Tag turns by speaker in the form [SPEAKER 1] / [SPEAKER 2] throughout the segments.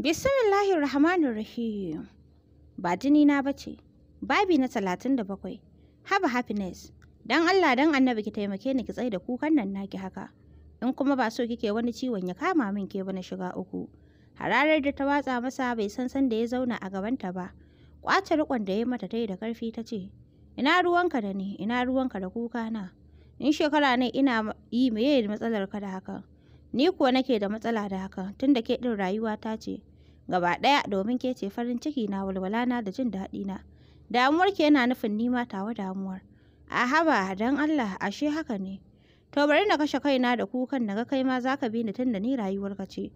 [SPEAKER 1] Bismillahir Rahmanir Rahim. Ba jini na bace. Babi na bakwai. Haba happiness. Dan Allah dan Annabi ki taimake ni ki tsai da kukan nan naki haka. In kuma ba so kike wani ciwon ya kama min ke bana shiga uku. Hararar da ta watsa masa bai san san da ya zauna a gabanta ba. Kwace rikon da ya mata tai da karfi ta ce, "Ina ruwanka da ni, ina ruwanka da kuka na. In shekara ne ina yi meye matsalar ka da hakan?" ni kuwa nake da matsala da hakan tunda ke ɗin rayuwa ta ce gaba ɗaya domin ke ce farin ciki na walwala na da jin daɗi na damuwar ke yana nufin nima tawa damuwar a haba don Allah ashe haka ne to bari na kashe kaina da kukan na ga kai ma za ka bi ni tunda ni rayuwar ka ce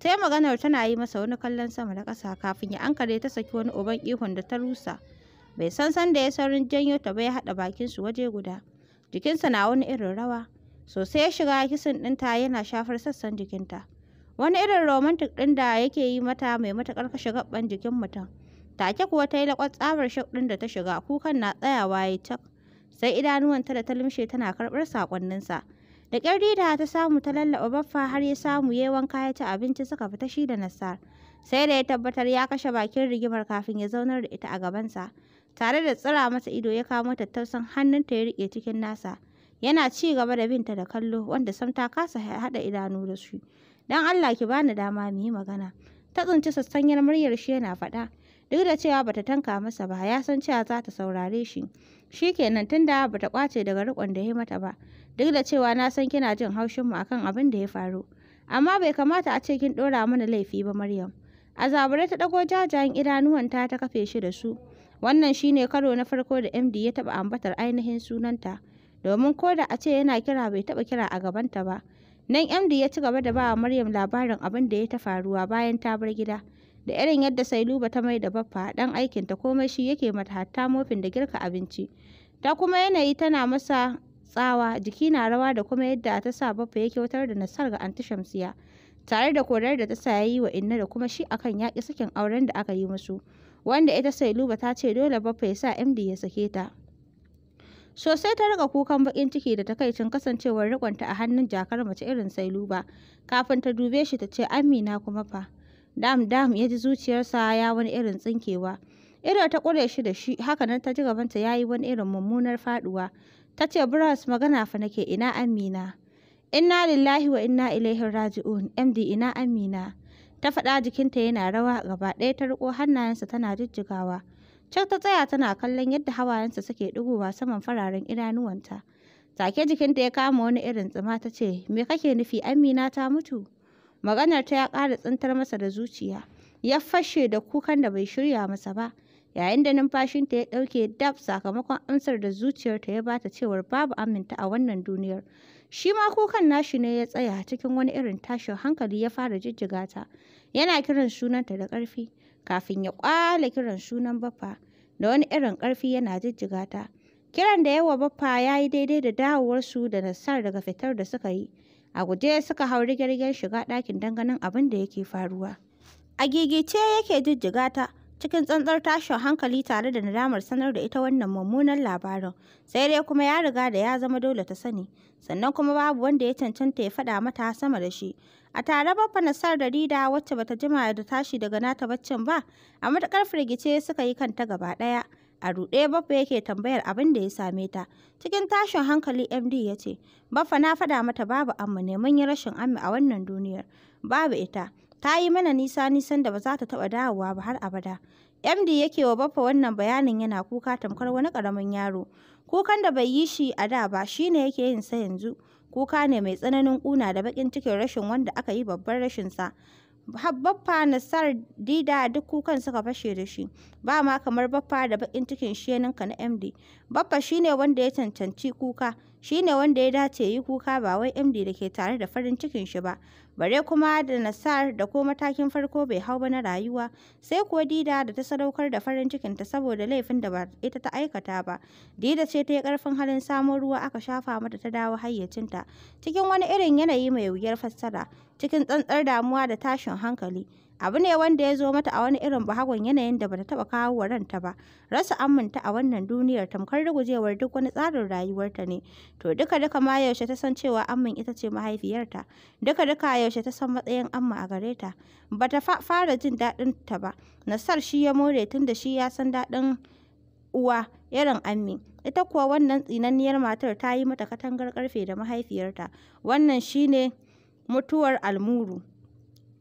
[SPEAKER 1] sai maganar tana yi masa wani kallon sama da ƙasa kafin ya ankare ta saki wani uban ihun da ta rusa bai san sanda da ya saurin janyo ta bai haɗa bakinsu waje guda jikinsa na wani irin rawa sosai ya shiga kisan ɗinta yana shafar sassan jikinta wani irin romantic ɗin da yake yi mata mai matuƙar kashe gaban jikin mutum take kuwa ta yi laƙwat tsabar shaf ɗin da ta shiga kukan na tsayawa ya tak sai idanuwanta da ta lumshe tana karɓar saƙonninsa da ƙyar dida ta samu ta lallaɓa baffa har ya samu ya yi wanka ya ci abinci suka fita shi da nasar. sai da ya tabbatar ya kashe bakin rigimar kafin ya zaunar da ita a gabansa tare da tsira masa ido ya kamo tattausan hannunta ya riƙe cikin nasa yana ci gaba da binta da kallo wanda sam ta kasa haɗa idanu da su. don allah ki bani dama mu yi magana ta tsinci sassanyar muryar shi yana faɗa duk da cewa bata tanka masa ba ya san cewa za ta saurare shi shi kenan tunda bata kwace daga rikon da ya mata ba duk da cewa na san kina jin haushin mu akan abin da ya faru amma bai kamata a ce kin ɗora mana laifi ba maryam a ta ɗago jajayen idanuwanta ta kafe shi da su wannan shine karo na farko da md ya taba ambatar ainihin sunanta domin ko da a ce yana kira bai taɓa kira a gabanta ba. Nan MD ya ci gaba da ba wa Maryam labarin abin da ya ta faruwa bayan ta bar gida. Da irin yadda Sailuba ta mai da baffa ɗan aikinta komai shi yake mata hatta mofin da girka abinci. Ta kuma yanayi tana masa tsawa jiki na rawa da kuma yadda ta sa baffa yake kyautar da Nasar ga Anti Shamsiya. Tare da korar da ta sa ya wa Inna da kuma shi akan yaƙi sakin auren da aka yi musu. Wanda ita Sailuba ta ce dole baffa ya sa MD ya sake ta. Sosai ta riga kukan bakin ciki da takaicin kasancewar rikonta a hannun jakar mace irin Sailuba. Kafin ta dube shi ta ce Amina kuma fa. Dam dam ya ji zuciyarsa ya wani irin tsinkewa. Ido ta kure shi da shi haka nan ta ji gabanta ya yi wani irin mummunar faduwa. Ta ce Bras magana fa nake ina Amina. Inna lillahi wa inna ilaihi raji'un MD ina Amina. Ta faɗa jikinta yana rawa gaba ɗaya ta riko, hannayensa tana jijjigawa. Cak ta tsaya tana kallon yadda hawayensa suke ɗigowa saman fararen idanuwanta. Take jikinta ya kama wani irin tsima ta ce, Me kake nufi Amina ta mutu? Maganar ta ya ƙara tsintar masa da zuciya. Ya fashe da kukan da bai shirya masa ba. Yayin da numfashinta ya ɗauke dab sakamakon amsar da zuciyarta ya bata cewar babu aminta a wannan duniyar. Shi ma kukan nashi ne ya tsaya cikin wani irin tashin hankali ya fara jijjiga ta. Yana kiran sunanta da ƙarfi. kafin ya ƙwala kiran sunan Baffa da wani irin ƙarfi yana jijjiga ta. Kiran da yawa Baffa ya yi daidai da dawowarsu da nasar daga fitar da suka yi. A guje suka hau rigirgen shiga ɗakin don ganin abin da yake faruwa. A gigice yake jijjiga ta, cikin tsantsar tashin hankali tare da nadamar sanar da ita wannan mummunan labarin sai dai kuma ya riga da ya zama dole ta sani sannan kuma babu wanda ya cancanta ya faɗa mata sama da shi a tare babba nasar da rida wacce bata jima da tashi daga nata baccin ba a matuƙar firgice suka yi kanta gaba ɗaya a ruɗe baffa yake tambayar abin da ya same ta cikin tashin hankali md ya ce baffa na faɗa mata babu amma neman yi rashin ami a wannan duniyar babu ita ta yi mana nisa nisan da ba za ta taɓa dawowa ba har abada md yake wa baffa wannan bayanin yana kuka tamkar wani ƙaramin yaro kukan da bai yi shi a da ba shine yake yin sa yanzu kuka ne mai tsananin ƙuna da baƙin cikin rashin wanda aka yi babban rashin sa baffa nasar dida duk kukan suka fashe da shi ba ma kamar baffa da baƙin cikin sheninka na md baffa shine wanda ya cancanci kuka shi ne wanda ya dace yi kuka ba wai MD da ke tare da farin cikin shi ba, bare kuma da Nasar da ko matakin farko bai hau ba na rayuwa, sai kuwa Dida da ta sadaukar da farin cikin ta saboda laifin da ba ita ta aikata ba. Dida ce ta yi karfin halin samun ruwa aka shafa mata ta dawo hayyacinta, cikin wani irin yanayi mai wuyar fassara, cikin tsantsar damuwa da tashin hankali. abu ne wanda ya zo mata a wani irin bahagon yanayin da bata taba kawo wa ranta ba rasa aminta a wannan duniyar tamkar rugujewar duk wani tsarin rayuwarta ne to duka duka ma yaushe ta san cewa Amin ita ce mahaifiyarta duka duka yaushe ta san matsayin amma a gare ta bata fara jin daɗin ta ba nasar shi ya more tun da shi ya san daɗin uwa irin ammi ita kuwa wannan tsinanniyar matar ta yi mata katangar karfe da mahaifiyarta wannan shine mutuwar almuru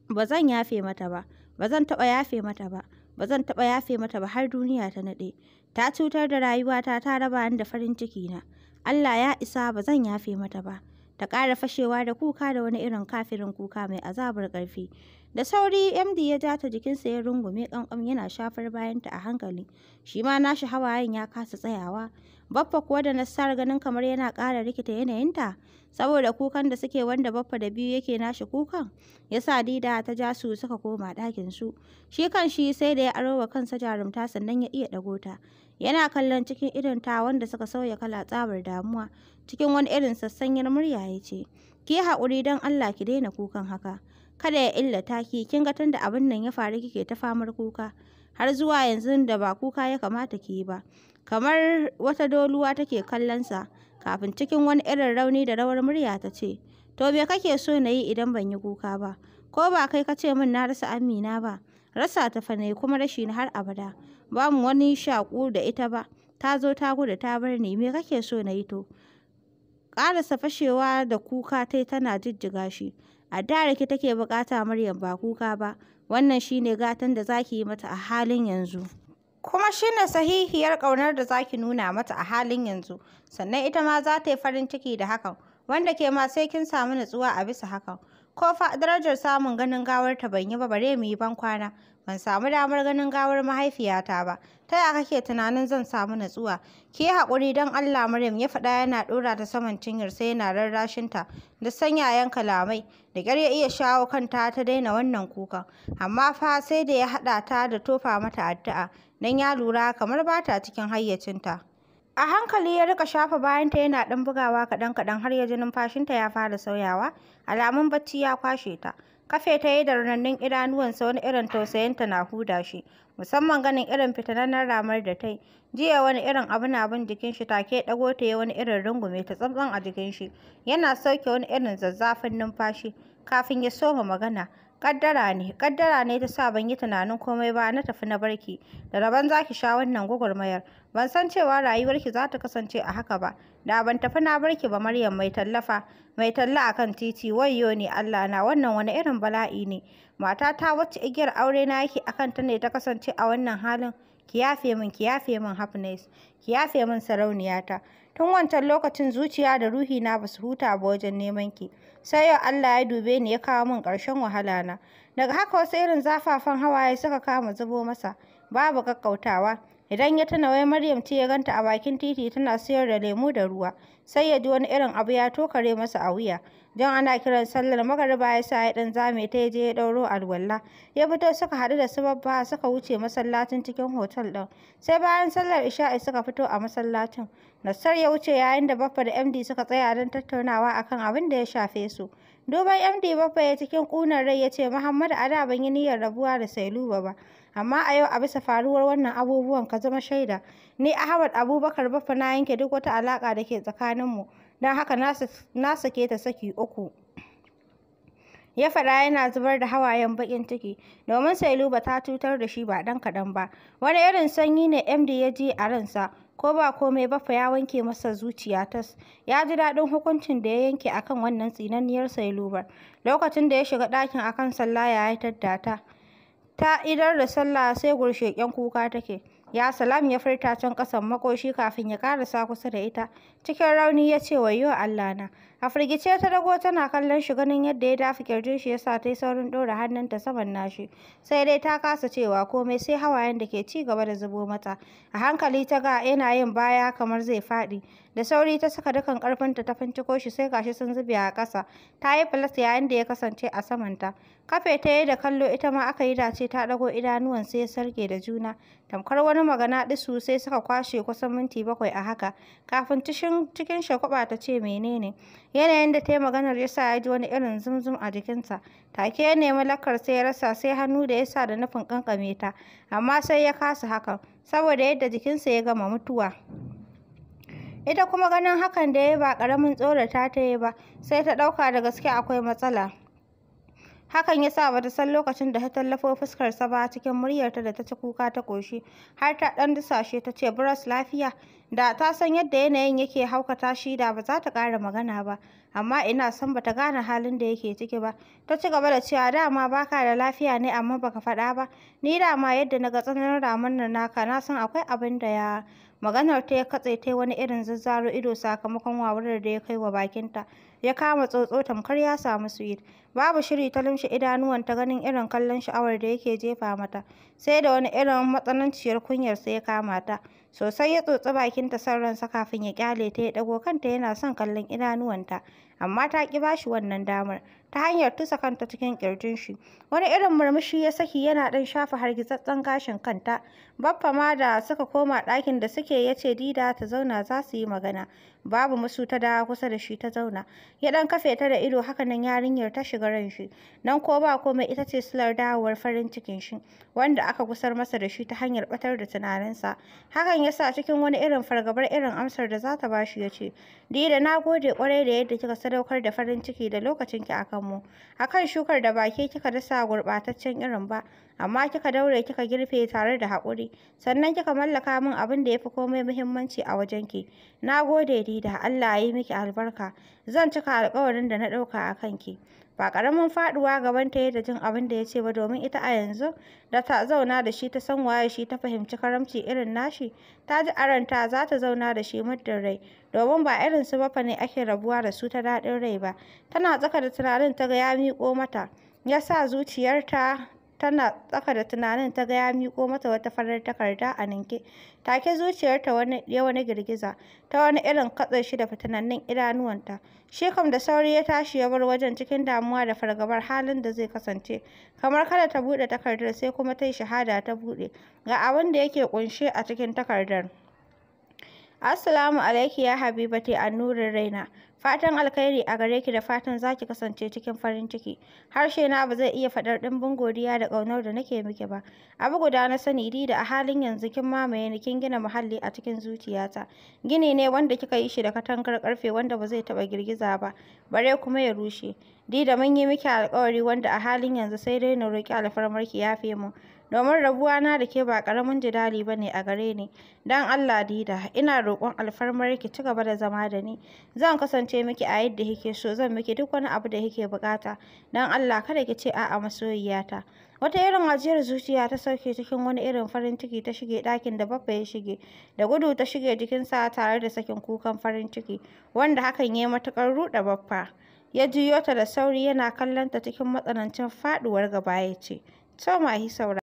[SPEAKER 1] ba zan yafe mata ba ba zan taɓa yafe mata ba ba zan taɓa yafe mata ba har duniya ta naɗe ta cutar da rayuwata ta raba ni da farin ciki na Allah ya isa ba zan yafe mata ba ta ƙara fashewa da kuka da wani irin kafirin kuka mai azabar ƙarfi da sauri md ya ja ta jikinsa ya rungume ƙanƙam yana shafar bayanta a hankali shi ma nashi hawayen ya kasa tsayawa Baffa kuwa da Nassar ganin kamar yana ƙara rikita yanayinta saboda kukan da suke wanda Baffa da biyu yake nashi kukan ya sa Dida ta ja su suka koma ɗakin su. Shi kan shi sai da ya aro wa kansa jarumta sannan ya iya ɗago ta. Yana kallon cikin irin ta wanda suka sauya kala tsabar damuwa cikin wani irin sassanyar murya ya ce ki haƙuri don Allah ki daina kukan haka. kada ya illata ki kin ga tunda abin nan ya faru kike ta famar kuka har zuwa yanzu da ba kuka ya kamata ki yi ba kamar wata doluwa take kallonsa kafin cikin wani irin rauni da rawar murya ta ce to me kake so na yi idan ban yi kuka ba ko ba kai ka ce min na rasa amina ba rasa ta fa kuma rashi har abada ba mu wani shaƙu da ita ba ta zo ta gudu ta bar ni me kake so na yi to ƙarasa fashewa da kuka tai tana jijjiga shi a da rake take bukata Maryam ba kuka ba wannan shine gatan da zaki yi mata a halin yanzu kuma shi ne sahihiyar ƙaunar da zaki nuna mata a halin yanzu sannan ita ma za ta yi farin ciki da hakan wanda ke ma sai kin samu natsuwa a bisa hakan ko fa darajar samun ganin gawar ta ban yi ba bare mu yi ban kwana ban samu damar ganin gawar mahaifiyata ba ta ya kake tunanin zan samu natsuwa ki hakuri don Allah Maryam ya faɗa yana ɗora ta saman cinyar sai yana rarrashin ta da sanyayen kalamai da ƙyar ya iya shawo kanta ta daina wannan kuka amma fa sai da ya haɗa ta da tofa mata addu'a don ya lura kamar ba ta cikin hayyacinta. A hankali ya rika shafa bayanta yana ɗan bugawa kaɗan-kaɗan har ya ji numfashinta ya fara sauyawa, alamun bacci ya kwashe ta. Kafe ta yi da idanuwan idanuwansa wani irin tausayinta na huda shi, musamman ganin irin fitananar ramar da ta yi. Jiya wani irin abu na bin jikin shi take ɗago ta yi wani irin rungume ta tsantsan a jikin shi, yana sauke wani irin zazzafin numfashi kafin ya soma magana. Ƙaddara ne, ƙaddara ne ta sa ban yi tunanin komai ba na tafi na barki. Da rabon za ki sha wannan gwagwarmayar. Ban san cewa rayuwarki za ta kasance a haka ba. Da ban tafi na barki ba Maryam mai tallafa, mai talla a kan titi, wayyo ne Allah na wannan wani irin bala'i ne. Matata wacce igiyar aure na yake akan ta ne ta kasance a wannan halin. Ki yafe min, ki yafe min happiness, ki yafe min sarauniyata. Tun wancan lokacin zuciya da ruhi na basu huta ba wajen neman ki. Sai yau Allah ya dube ni ya kawo min ƙarshen wahala na. Daga haka wasu irin zafafan hawaye suka kama zubo masa. Babu kakkautawa. Idan ya tuna wai Maryam ce ya ganta a bakin titi tana sayar da lemu da ruwa, sai ya ji wani irin abu ya tokare masa a wuya. Don ana kiran sallar magariba ya sa ya ɗan zame ta je ya ɗauro alwala. Ya fito suka haɗu da su babba suka wuce masallacin cikin hotel ɗin. Sai bayan sallar isha'i suka fito a masallacin. Nassar ya wuce yayin da Baffa da MD suka tsaya don tattaunawa akan abin da ya shafe su. Duban MD Baffa ya cikin ƙunar rai ya ce Muhammadu a da ban yi niyyar rabuwa da Sailuba ba. Amma a yau a bisa faruwar wannan abubuwan ka zama shaida. Ni Ahmad Abubakar bafa na yanke duk wata alaƙa da ke tsakaninmu. Don haka na sake ta saki uku. ya faɗa yana zubar da hawayen baƙin ciki domin sailuba ta cutar da shi ba dan kaɗan ba wani irin sanyi ne md ya ji a ransa ko ba komai ba fa ya wanke masa zuciya tas ya ji daɗin hukuncin da ya yanke akan wannan tsinanniyar sailubar lokacin da ya shiga ɗakin akan sallah ya yi taddata ta idar da sallah sai gursheƙen kuka take ya salam ya furta can ƙasan makoshi kafin ya ƙarasa kusa da ita cikin rauni ya ce wayyo allah na A firgice ta dago tana kallon shi ganin yadda ya dafa kirjin shi yasa ta yi saurin ɗora ta saman nashi. Sai dai ta kasa cewa komai sai hawayen da ke ci gaba da zubo mata. A hankali ta ga yana yin baya kamar zai faɗi. Da sauri ta saka dukan ƙarfinta ta finciko shi sai gashi sun zube a ƙasa. Ta yi filas yayin da ya kasance a samanta. Kafe ta yi da kallo ita ma aka yi dace ta ɗago idanuwan sai ya sarge da juna. Tamkar wani magana ɗisu sai suka kwashe kusan minti bakwai a haka. Kafin cikin shakwaba ta ce menene. Yanayin da ta yi maganar ya sa ya ji wani irin zumzum a jikinsa. Take ya nemi lakar sai ya rasa sai hannu da ya sa da nufin kankame ta, amma sai ya kasa hakan saboda yadda jikinsa ya gama mutuwa. Ita kuma ganin hakan da ya ba ƙaramin tsorata ta yi ba, sai ta ɗauka da gaske akwai matsala. Hakan ya sa bata san lokacin da ta tallafo fuskarsa ba cikin muryarta da ta ci kuka ta ƙoshi, har ta ɗan dusashe ta ce, "Buras lafiya, da ta san yadda yanayin yake haukata shi da ba za ta ƙara magana ba, amma ina san bata gane halin da yake ciki ba. Ta ci gaba da cewa dama baka da lafiya ne amma baka faɗa ba, ni dama yadda na ga tsananin ramin nan naka na san akwai abin da ya Maganar ta ya katse ta wani irin zazzaro ido sakamakon wawurar da ya kai wa bakinta. Ya kama tsotso tamkar ya samu sweet. Babu shiri ta idanuwan ta ganin irin kallon sha'awar da yake jefa mata. Sai da wani irin matsananciyar kunyar sai ya kama ta. Sosai ya tsotsi bakinta son ransa kafin ya kyale ta ya dago kanta yana son kallon idanuwanta. amma ta ƙi shi wannan damar ta hanyar tusa kanta cikin ƙirjin shi wani irin murmushi ya saki yana ɗan shafa hargitsattsan gashin kanta baffa ma da suka koma ɗakin da suke ya ce dida ta zauna za su yi magana babu musu ta da kusa da shi ta zauna ya ɗan kafe ta da ido haka nan yarinyar ta shiga ran shi nan ko ba komai ita ce silar dawowar farin cikin shi wanda aka gusar masa da shi ta hanyar batar da tunaninsa hakan ya sa cikin wani irin fargabar irin amsar da za ta bashi ya ce dida na gode kwarai da yadda kika sadaukar da farin ciki da lokacin ki a kanmu. A kan shukar da baki kika dasa gurɓataccen irin ba, amma kika daure kika girfe tare da haƙuri, sannan kika mallaka min abin da ya fi komai muhimmanci a wajenki. Na gode Dida, Allah ya yi miki albarka. zan cika alkawarin da na ɗauka a kanki ba karamin faɗuwa gaban ta da jin abin da ya ce ba domin ita a yanzu da ta zauna da shi ta san waye shi ta fahimci karamci irin nashi ta ji aranta za ta zauna da shi muddin rai domin ba irin su bafa ne ake rabuwa da su ta daɗin rai ba tana tsaka da tunanin ta ga ya miƙo mata ya sa zuciyarta tana tsaka da tunanin ta ga ya miƙo mata wata farar takarda a ninke take zuciyarta wani ya wani girgiza ta wani irin katse shi da fitinannun idanuwanta shi kam da sauri ya tashi ya bar wajen cikin damuwa da fargabar halin da zai kasance kamar kada ta buɗe takardar sai kuma ta yi shahada ta buɗe ga abin da yake kunshe a cikin takardar Assalamu alaikum ya Habibati a nurin raina. Fatan alkhairi a gare ki da fatan za ki kasance cikin farin ciki. Harshe na ba zai iya faɗar ɗimbin godiya da ƙaunar da nake miki ba. Abu guda na sani dida da a halin yanzu kin mamaye ni kin gina muhalli a cikin zuciyata. Gini ne wanda kika yi shi da katangar karfe wanda ba zai taɓa girgiza ba, bare kuma ya rushe. Di da mun yi miki alƙawari wanda a halin yanzu sai dai na roƙi alfarmarki yafe mu. domin rabuwa na da ke ba ƙaramin jidali ba ne a gare ni. Don Allah Dida, ina roƙon alfarmar ki ci gaba da zama da ni. Zan kasance miki a yadda kike so, zan miki duk wani abu da kike buƙata. Don Allah kada ki ce a'a masoyiyata. Wata irin ajiyar zuciya ta sauke cikin wani irin farin ciki ta shige ɗakin da babba ya shige, da gudu ta shige sa tare da sakin kukan farin ciki, wanda hakan ya yi matuƙar ruɗa babba. Ya juyo ta da sauri yana kallonta cikin matsanancin faɗuwar gaba ya ce, To ma saura.